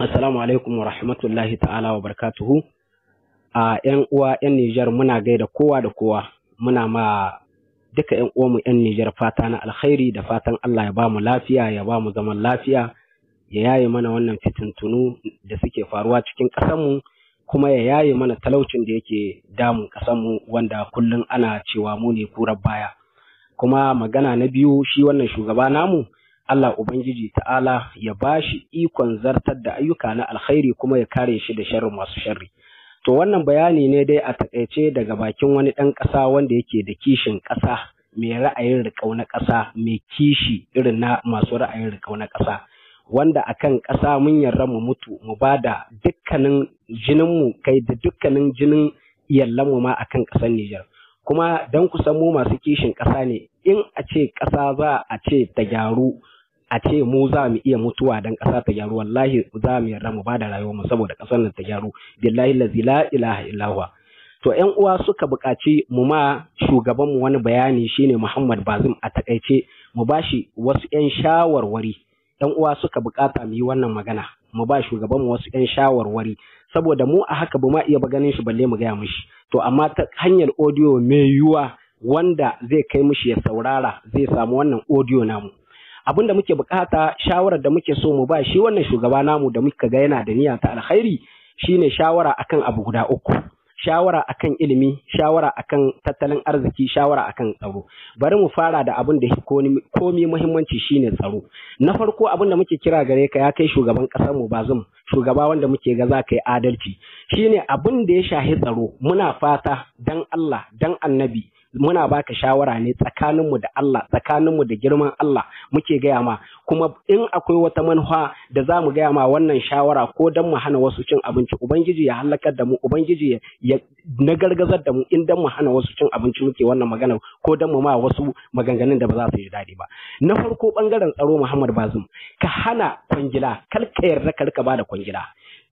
Assalamu alaikum wa rahmatullahi ta'ala wa barkatuhu. A ƴan uwa ƴan Nijar muna gaida kowa da kowa, muna ma duka ƴan uwanmu ƴan Nijar fata na alkhairi da fatan Allah ya ba mu lafiya, ya ba mu zaman lafiya, ya yaye mana wannan fitintunu da suke faruwa cikin ƙasarmu, kuma ya yaye mana talaucin da yake damun ƙasarmu wanda kullum ana cewa mu ne kurar baya. Kuma magana na biyu shi wannan shugaba namu. Allah Ubangiji ta'ala ya ba shi ikon zartar da ayyuka na alkhairi kuma ya kare shi da sharrin masu sharri. To wannan bayani ne dai a takaice daga bakin wani ɗan ƙasa wanda yake da kishin ƙasa mai ra'ayin riƙau na ƙasa mai kishi irin na masu ra'ayin riƙau na ƙasa. Wanda a kan ƙasa mun yarda mu mutu mu ba da dukkanin jininmu kai da dukkanin jinin iyalanmu ma a kan ƙasar Nijar. Kuma don ku san mu masu kishin ƙasa ne in a ce ƙasa za a ce ta gyaru a ce mu za mu iya mutuwa dan ƙasa ta gyaru wallahi za mu yarda mu bada rayuwar mu saboda ƙasar nan ta gyaru billahi allazi la ilaha illahu to ƴan uwa suka buƙaci mu ma shugaban mu wani bayani shine Muhammad Bazum a takaice mu bashi wasu ƴan shawarwari ƴan uwa suka buƙata mu yi wannan magana mu ba shugaban mu wasu ƴan shawarwari saboda mu a haka ba ma iya ba ganin shi balle mu gaya mishi to amma ta hanyar audio mai yiwuwa wanda zai kai mishi ya saurara zai samu wannan audio namu abin da muke bukata shawarar da muke so mu ba shi wannan shugaba namu da muka ga yana da niyya ta alkhairi shine shawara akan abu guda uku shawara akan ilimi shawara akan tattalin arziki shawara akan tsaro bari mu fara da abin da komi muhimmanci shine tsaro na farko abin da muke kira gare ka ya kai shugaban kasar mu bazum shugaba wanda muke ga za ka yi adalci shine abin da ya shahi tsaro muna fata dan Allah dan annabi muna baka shawara ne tsakaninmu da Allah tsakaninmu da girman Allah muke gaya ma kuma in akwai wata manufa da za mu gaya ma wannan shawara ko don mu hana wasu cin abinci ubangiji ya halakar da mu ubangiji ya na gargazar da mu in don mu hana wasu cin abinci muke wannan magana ko don mu ma wasu maganganun da ba za su yi daɗi ba na farko bangaren tsaro Muhammad Bazum ka hana kwangila kar ka yarda ka rika bada kwangila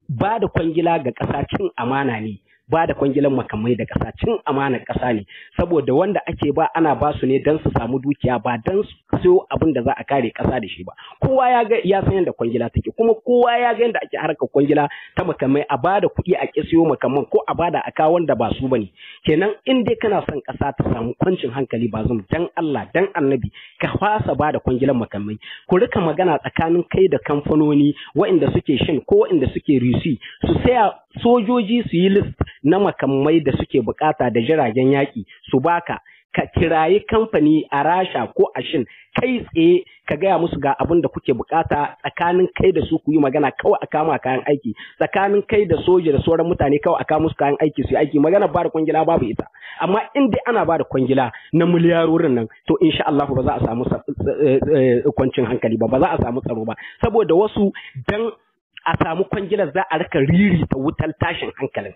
ba da kwangila ga ƙasa cin amana ne ba da kwangilan makamai da ƙasa cin amanar ƙasa ne saboda wanda ake ba ana ba su ne don su samu dukiya ba don su siyo abin da za a kare ƙasa da shi ba kowa ya ga ya san yadda kwangila take kuma kowa ya ga yadda ake harka kwangila ta makamai a ba da kuɗi a ƙi siyo makaman ko a ba da aka wanda ba su bane kenan in dai kana son ƙasa ta samu kwancin hankali ba zum dan Allah dan annabi ka fasa ba da kwangilan makamai ku rika magana tsakanin kai da kamfanoni waɗanda suke shin ko waɗanda suke risi su saya sojoji su yi list na makamai da suke bukata da jiragen yaƙi su baka ka kirayi kamfani a rasha ko a shin kai tsaye ka gaya musu ga abin da kuke bukata tsakanin kai da su ku yi magana kawai a kama kayan aiki tsakanin kai da soja da sauran mutane kawai a kama musu kayan aiki su yi aiki magana ba da kwangila babu ita amma in dai ana ba da kwangila na miliyarorin nan to insha Allah ba za a samu eh, eh, eh, kwancin hankali ba ba za a samu tsaro ba saboda wasu dan a samu kwangilar za a rika riri ta wutar tashin hankalin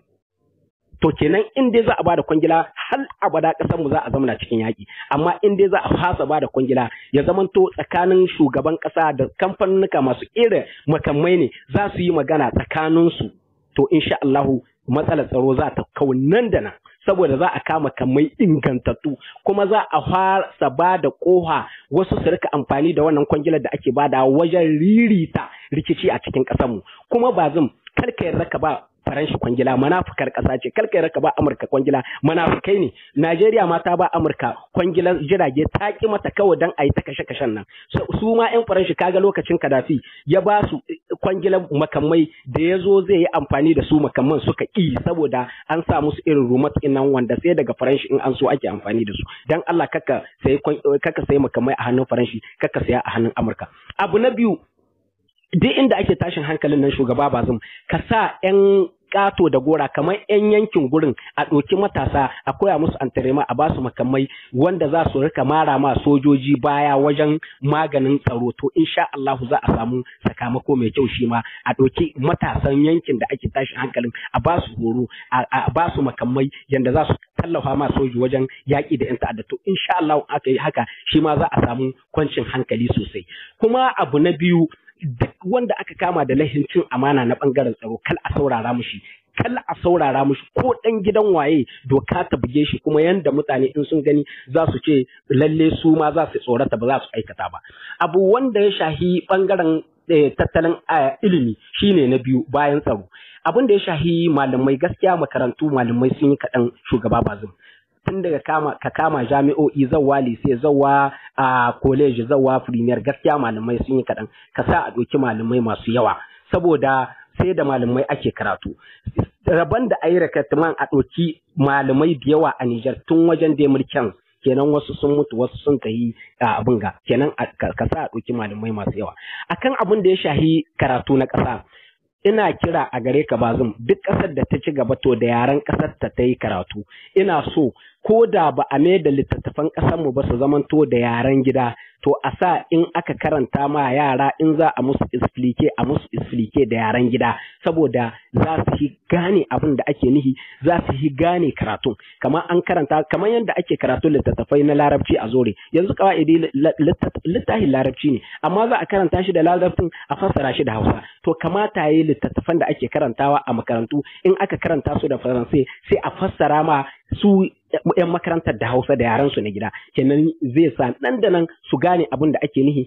to kenan in dai za a bada kwangila har abada kasar mu za a zamana cikin yaki amma in dai za a fasa bada kwangila ya zamanto tsakanin shugaban kasa da kamfanunuka masu ƙera makamai ne za su yi magana tsakanin su to insha Allahu matsalar tsaro za ta kau nan da nan saboda za a kama kamai ingantattu kuma za a fara ba da koha wasu su rika amfani da wannan kwangilar da ake bada wajen ririta rikici a cikin ƙasarmu kuma ba zan kar ka yarda ka ba faranshi kwangila manafukar kasa ce kar raka ba amurka kwangila manafukai ne najeriya ma ta ba amurka kwangilar jirage ta ki mata kawai dan a yi ta kashe kashen nan su ma yan faranshi kaga lokacin kadafi ya ba su kwangilar makamai da ya zo zai yi amfani da su makamman suka ki saboda an sa musu irin rumat nan wanda sai daga faranshi in an so ake amfani da su dan Allah kaka sai kaka sai makamai a hannun faransa kaka sai a hannun amurka abu na biyu duk inda ake tashin hankalin nan shugaba bazum ka sa 'yan kato da gora kamar 'yan yankin gurin a ɗauki matasa a koya musu antarema a basu makamai wanda za su rika mara ma sojoji baya wajen maganin tsaro to insha Allah za a samu sakamako mai kyau shi ma a ɗoki matasan yankin da ake tashin hankalin a basu horo a basu makamai yanda za su tallafa ma soji wajen yaƙi da 'yan ta'adda to insha Allah aka yi haka shi ma za a samu kwancin hankali sosai kuma abu na biyu duk wanda aka kama da laifin cin amana na bangaren tsaro kal a saurara mushi kal a saurara mushi ko dan gidan waye doka ta buge shi kuma yanda mutane in sun gani za su ce lalle su ma za su tsorata ba za su aikata ba abu wanda ya shahi bangaren eh, tattalin eh, ilimi shine na biyu bayan tsaro abin da ya shahi malamai gaskiya makarantu malamai sun yi kaɗan shugaba bazum tun daga kama ka kama jami'o'i zauwa lise zawa a college zawwa premier gaskiya malamai sun yi kaɗan ka sa a ɗauki malamai masu yawa saboda sai da malamai ake karatu rabon da ayi rakatman a ɗauki malamai da yawa a Nijar tun wajen da mulkin kenan wasu sun mutu wasu sun tafi abin ga kenan ka sa a ɗauki malamai masu yawa akan abin da ya shahi karatu na ƙasa ina kira a gare ka bazum duk ƙasar da ta ci gaba to da yaren ƙasar ta ta yi karatu ina so ko da ba a mai da littattafan mu ba su zamanto da yaren gida to a sa in aka karanta ma yara in za a musu isflike a musu isflike da yaren gida saboda za su yi gane abin da ake nihi za su yi gane karatu kamar an karanta kamar yadda ake karatu littattafai na larabci a zore yanzu kawai littafin larabci ne amma za a karanta shi da larabcin a fassara shi da hausa to kamata yi littattafan da ake karantawa a makarantu in aka karanta su da faransai sai a fassara ma su yan makarantar da Hausa da yaran su na gida kenan zai sa nan da nan su gane abin da ake nihi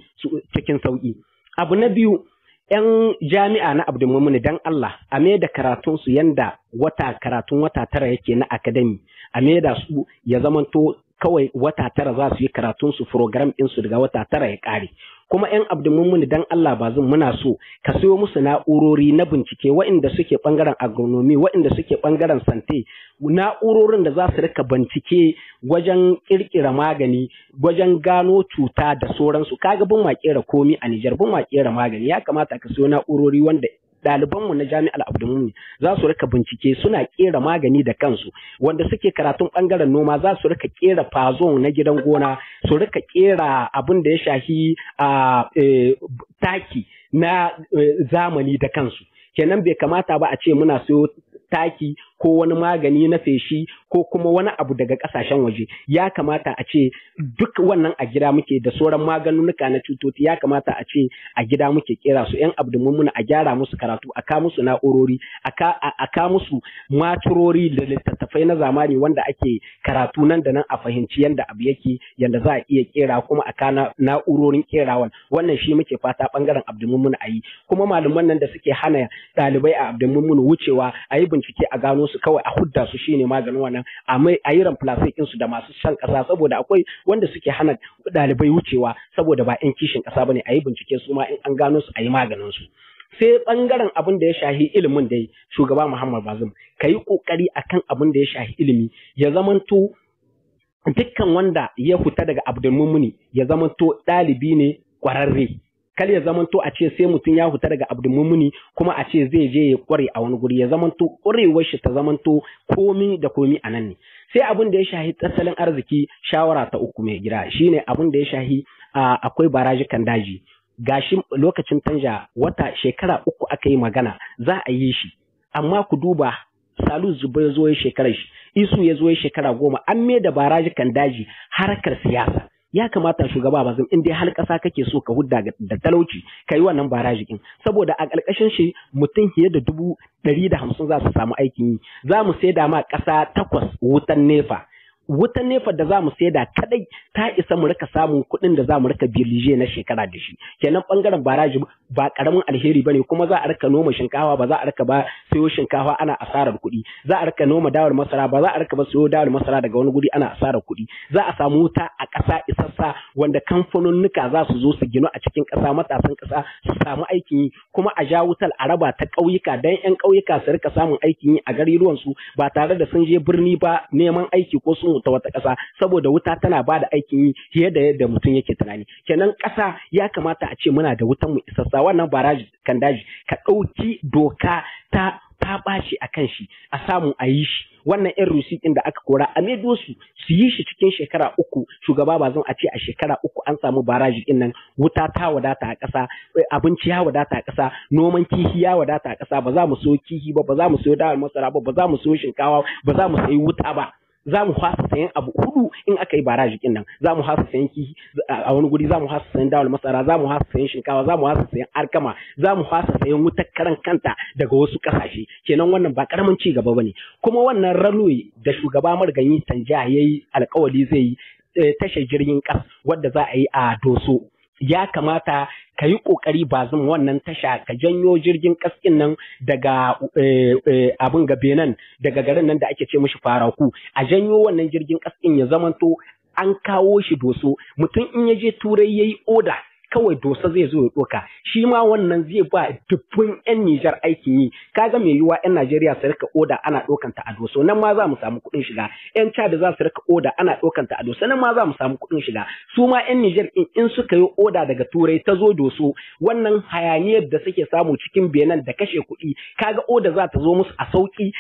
cikin sauki abu na biyu yan jami'a na Abdulmumin dan Allah a me da karatun yanda wata karatun wata tara yake na academy a me da su ya zamanto kawai wata tara za su yi karatun su program din daga wata tara ya ƙare. kuma yan abdumin dan Allah ba zan muna so ka sayo musu na'urori na bincike waɗanda suke bangaren agronomi waɗanda suke bangaren sante na'urorin da za su rika bincike wajen ƙirƙira magani wajen gano cuta da sauransu kaga bin ma kera komi a Nijar bin ma kera magani ya kamata ka siyo na'urori wanda ɗalibanmu na jami'ar abdulmumi za su rika bincike suna kera magani da kansu wanda suke karatun ɓangaren noma za su rika kera fazon na gidan gona su rika kera abin da ya shahi a e, taki na e, zamani da kansu kenan bai kamata ba a ce muna siyo taki ko wani magani na feshi ko kuma wani abu daga kasashen waje ya kamata a ce duk wannan a gida muke da sauran maganunuka na cutoti ya kamata a ce a gida muke kera su yan abu da mummuna a gyara musu karatu a ka musu na'urori a ka musu maturori da littattafai na zamani wanda ake karatu nan da nan a fahimci yanda abu yake yanda za a iya kera kuma a ka na'urorin kerawan wannan shi muke fata bangaren mummuna a yi kuma malaman nan da suke hana ɗalibai a mummuna wucewa a yi bincike a gano su kawai a hudda su shine maganin wannan a yi ɗin su da masu shan ƙasa saboda akwai wanda suke hana ɗalibai wucewa saboda ba 'yan kishin ƙasa bane, ne a yi bincike su ma in an gano su a yi maganin su. sai bangaren abin da ya shahi ilimin da shugaba Muhammad Bazum ka yi kokari akan abin da ya shahi ilimi ya zamanto dukkan wanda ya fita daga Abdulmumuni ya zamanto ɗalibi ne ƙwararre. kar ya zamanto a ce sai mutum ya huta daga abdulmumuni kuma a ce zai je ya kware a wani guri ya to kwarewar shi ta zamanto komi da komi a nan ne sai abin da ya shahi tattalin arziki shawara ta uku mai gida shine abin da ya shahi akwai barajikan daji gashi lokacin tanja wata shekara uku aka yi magana za a yi shi amma ku duba salu zuba ya zo ya shekara shi isu ya zo ya shekara goma an mai da barajikan daji harkar siyasa ya kamata shugaba bazum in dai har ƙasa kake so ka hudda da talauci ka wannan baraji din saboda a ƙarƙashin shi mutum fiye da dubu ɗari da hamsin za su samu aikin yi za mu sai da ma ƙasa takwas wutan nefa wutan nefa da za mu da kadai ta isa mu rika samun kuɗin da za mu rika bilije na shekara da shi kenan bangaren baraji ba karamin alheri bane kuma za a rika noma shinkafa ba za a rika ba sayo shinkafa ana asarar kuɗi za a rika noma dawar masara ba za a rika ba sayo dawar masara daga wani guri ana asarar kuɗi za a samu wuta a ƙasa isassa wanda kamfanonnuka za su zo su ginu a cikin ƙasa matasan ƙasa su samu aikin yi kuma a ja wutar a raba ta ƙauyuka dan 'yan ƙauyuka su rika samun aikin yi a garuruwansu ba tare da sun je birni ba neman aiki ko sun wuta wata ƙasa saboda wuta tana ba da aikin yi fiye da yadda mutum yake tunani kenan ƙasa ya kamata a ce muna da wutan mu isassa wannan baraji kan daji ka ɗauki doka ta ta a kan shi a samu a yi shi wannan yan rusi da aka kora a maido su su yi shi cikin shekara uku shugaba ba zan a ce a shekara uku an samu baraji din nan wuta ta wadata a ƙasa abinci ya wadata a ƙasa noman kihi ya wadata a ƙasa ba za mu so kihi ba ba za mu so dawar masara ba ba za mu so shinkawa ba za mu sayi wuta ba za mu hasa sayan abu hudu in aka yi baraji kin nan za mu hasa sayan kifi a wani guri za mu hasa sayan dawal masara za mu hasa sayan shinkawa za mu hasa sayan arkama za mu hasa sayan wutar karan kanta daga wasu kasashe kenan wannan ba karamin ci gaba bane kuma wannan railway da shugaba marganyi tanja yayi alƙawari zai yi eh, tashar jirgin kas wanda za a yi a doso ya kamata ka yi ƙoƙari ba zan wannan tasha ka janyo jirgin ƙasƙin nan daga eh, eh, abin ga benin daga garin nan da ake ce mushi faraku a janyo wannan jirgin ƙasƙin ya zamanto an kawo shi doso mutum in ya je turai ya yi oda kawai dosa zai zo ya doka shi ma wannan zai ba dubbin yan Nijar aikin yi kaga mai yiwa yan Najeriya su rika oda ana dokan ta a doso nan ma za mu samu kuɗin shiga yan Chad za su rika oda ana dokan ta a doso nan ma za mu samu kuɗin shiga su ma yan Nijar in in suka yi oda daga Turai ta zo doso wannan hayaniyar da suke samu cikin Benin da kashe kuɗi kaga oda za ta zo musu a sauki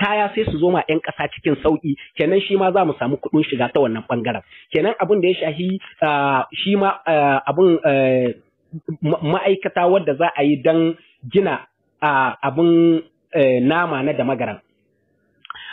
kaya sai su zo ma yan ƙasa cikin sauki kenan shi ma za mu samu kuɗin shiga ta wannan bangaren kenan abin da ya shahi ah, shi ma ah, abin Eh, ma'aikata wadda za a yi don gina abin eh, nama na da magaran.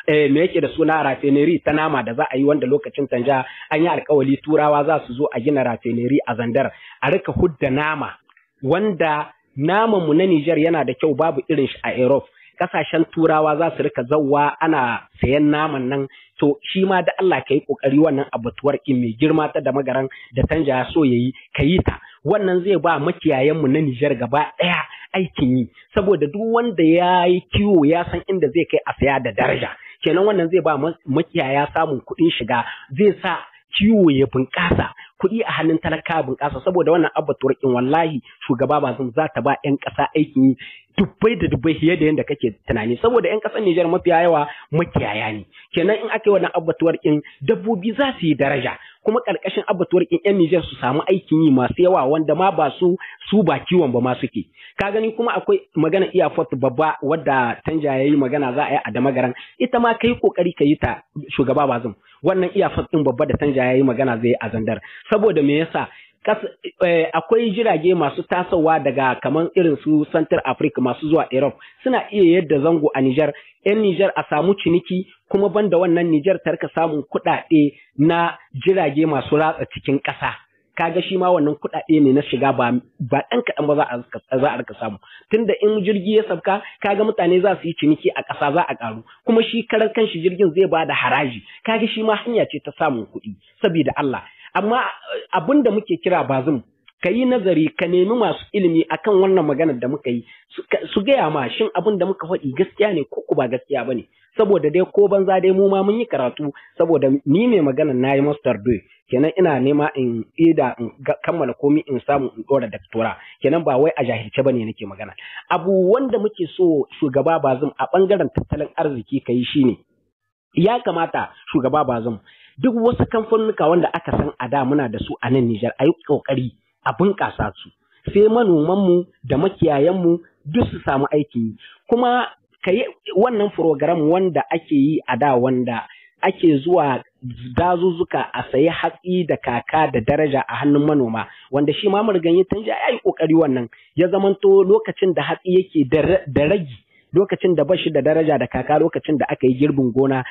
Eh, me yake da suna rafineri ta nama da za a yi wanda lokacin tanja an yi alkawali turawa za su zo a gina rafineri a zandar a rika hudda nama wanda naman mu na Nijar yana da kyau babu irin shi a Europe ƙasashen turawa za su rika zauwa ana sayan naman nan to shi ma da Allah ka yi ƙoƙari wannan abatuwar in mai girma ta da magaran da tanja so ya yi ka yi ta wannan zai ba makiyayenmu na Nijar gaba ɗaya aikin yi saboda duk wanda ya yi kiwo ya san inda zai kai a saya da daraja kenan wannan zai ba makiyaya samun kuɗin shiga zai sa kiwo ya bunƙasa kuɗi a hannun talaka bunƙasa saboda wannan abatuwar in wallahi shugaba ba zan za ta ba 'yan ƙasa aikin yi dubbai da dubbai fiye da yadda kake tunani saboda yan kasar Nijar mafiya yawa makiyaya ne kenan in aka yi wannan abbatuwar kin dabbobi za su yi daraja kuma karkashin abbatuwar kin yan Nijar su samu aikin yi masu yawa wanda ma ba su su ba kiwon ba ma suke ka gani kuma akwai magana iya fot babba wadda tanja yayi magana za a yi a damagaran ita ma kai kokari ka yi ta shugaba bazum wannan iya fot din babba da tanja yayi magana zai a zandar saboda me yasa Eh, akwai jirage masu tasowa daga kamar irin su Central Africa masu zuwa Europe suna iya yadda zango a Niger. 'yan Niger a samu ciniki kuma banda wannan Niger ta rika samun kuɗaɗe na jirage masu ratsa cikin ƙasa. Kaga shi ma wannan kuɗaɗe ne na shiga ba ɗan kaɗan ba za a rika samu. Tunda in jirgi ya sabka kaga mutane za su yi ciniki a ƙasa za a ƙaru kuma shi karar kanshi jirgin zai ba da haraji kaga shi ma hanya ce ta samun kuɗi saboda Allah amma abin da muke kira bazum ka yi nazari ka nemi masu ilimi akan wannan maganar da muka yi su gaya ma shin abin da muka faɗi gaskiya ne ko ba gaskiya ba ne saboda dai ko banza dai mu ma mun yi karatu saboda ni mai maganar na yi master doy kenan ina nema in ida in kammala komi in samu in ɗora doctora kenan ba wai a jahilce bane nake magana abu wanda muke so shugaba bazum a bangaren tattalin arziki ka shine ya kamata shugaba bazum duk wasu kamfanuka wanda aka san a da muna da su a nan Nijar a yi ƙoƙari a bunƙasa su sai manomanmu da mu duk su samu aikin yi. kuma ka yi wannan program wanda ake yi a da wanda ake zuwa dazuzzuka a sayi hatsi da kaka da daraja a hannun manoma wanda shi ma murgan ya tanja ya yi ƙoƙari wannan ya zamanto lokacin da hatsi yake da ragi lokacin da bashi da daraja da kaka lokacin da aka yi girbin gona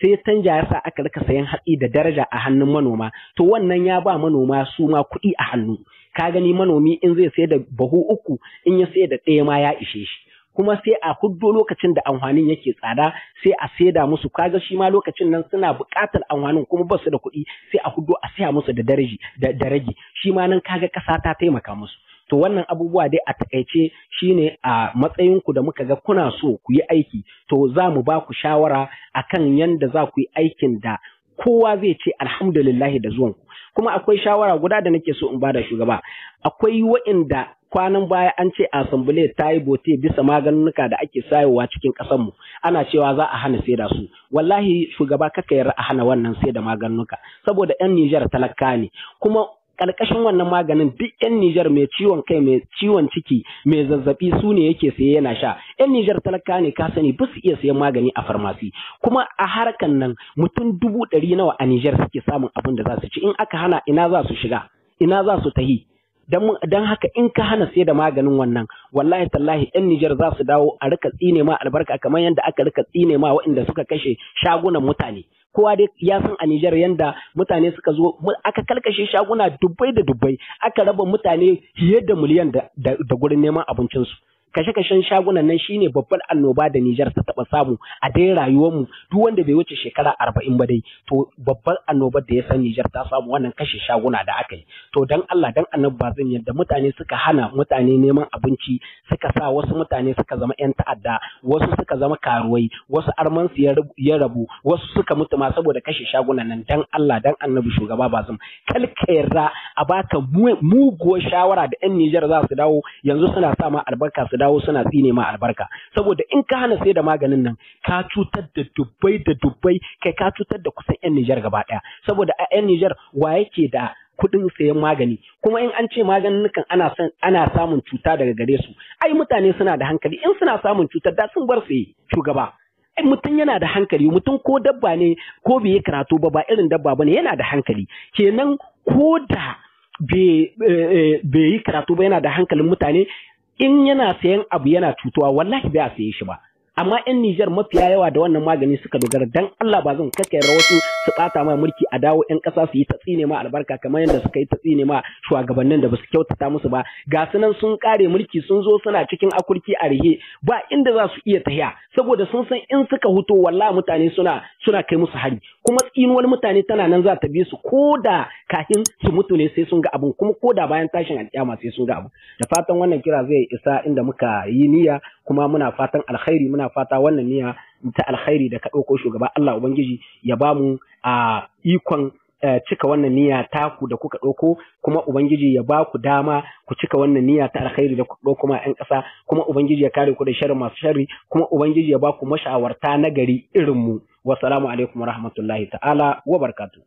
sai canja ya sa aka rika sayan hatsi da daraja a hannun manoma to wannan ya ba manoma su ma kuɗi a hannu ka gani manomi in zai sayar da bahu uku in ya sayar da ɗaya ma ya ishe shi kuma sai a huddo lokacin da amfanin yake tsada sai a saida musu kaga shi ma lokacin nan suna buƙatar amfanin kuma ba su da kuɗi sai a huddo a saya musu da daraji da daraji shi ma nan kaga ƙasa ta taimaka musu to wannan abubuwa dai a takaice shine a matsayinku da muka ga kuna so ku yi aiki to za mu ba ku shawara akan yanda za ku yi aikin da kowa zai ce alhamdulillahi da zuwan ku kuma akwai shawara guda da nake so in ba da shugaba akwai wa'inda kwanan baya an ce asambule ta yi bote bisa maganunuka da ake sayowa cikin mu ana cewa za a hana sai da su wallahi shugaba kaka yarda a hana wannan sai da maganunuka saboda yan Nijar talaka ne kuma ƙarƙashin wannan maganin duk 'yan Nijar mai ciwon kai mai ciwon ciki mai zazzabi su ne yake saye yana sha 'yan Nijar talaka ne ka sani ba su iya sayan magani a farmasi kuma a harkan nan mutum dubu ɗari nawa a Nijar suke samun abin da za su ci in aka hana ina za su shiga ina za su tahi dan haka in ka hana sai da maganin wannan wallahi tallahi yan Nijar za su dawo a rika tsine ma albarka kamar yadda aka rika tsine ma waɗanda suka kashe shagunan mutane kowa dai ya san a Nijar yadda mutane suka zo aka kalkashe shaguna dubbai da dubbai aka raba mutane fiye da miliyan da gurin neman abincinsu kashe-kashen shagunan nan shine babban annoba da Nijar ta taba samu a dai mu. duk wanda bai wuce shekara arba'in ba dai to babbar annobar da ya san Nijar ta samu wannan kashe shaguna da aka yi to dan Allah dan annab ba zan yadda mutane suka hana mutane neman abinci suka sa wasu mutane suka zama yan ta'adda wasu suka zama karuwai wasu arman su ya rabu wasu suka mutu ma saboda kashe shagunan nan dan Allah dan annabi shugaba ba zan kalka a baka muguwar shawara da yan Nijar za su dawo yanzu suna sa ma albarka su dawo suna tsine ma albarka saboda in ka hana sai da maganin nan ka cutar da dubbai da dubbai kai ka cutar da kusan yan Nijar gaba daya saboda a yan Nijar wa yake da kuɗin sayan magani kuma in an ce maganin ana ana samun cuta daga gare su ai mutane suna da hankali in suna samun cutar da sun bar sai shugaba mutum yana da hankali mutum ko dabba ne ko bai karatu ba ba irin dabba bane yana da hankali kenan ko da bai eh, eh, yi karatu ba yana da hankalin mutane in yana sayan abu yana cutuwa wallahi bai sayi shi ba amma yan Nijar mafiya yawa da wannan magani suka dogara dan Allah ba zan kake wasu su bata mai mulki a dawo yan ƙasa su yi ta tsine ma albarka kamar yadda suka yi ta tsine ma shugabannin da basu kyautata musu ba ga su sun kare mulki sun zo suna cikin akurki a rihe ba inda za su iya tahiya saboda sun san in suka huto wallahi mutane suna suna kai musu hari kuma tsinuwar mutane tana nan za ta bi su ko da kafin su mutu ne sai sun ga abun kuma ko da bayan tashin alƙiyama sai sun ga abu. da fatan wannan kira zai isa inda muka yi niyya kuma muna fatan alkhairi muna fata wannan niyya ta alkhairi da ka ɗauko shugaba Allah ubangiji ya bamu a ah, ikon Eh, cika wannan niyya taku da kuka ɗauko kuma ubangiji ya ba ku dama ku cika wannan niyya ta alkhairi da kuka ɗauko ma ƴan ƙasa kuma ubangiji ya kare ku da sharri masu sharri kuma ubangiji ya ba ku mashawarta na gari irin mu wassalamu alaikum warahmatullahi ta'ala wa barkatu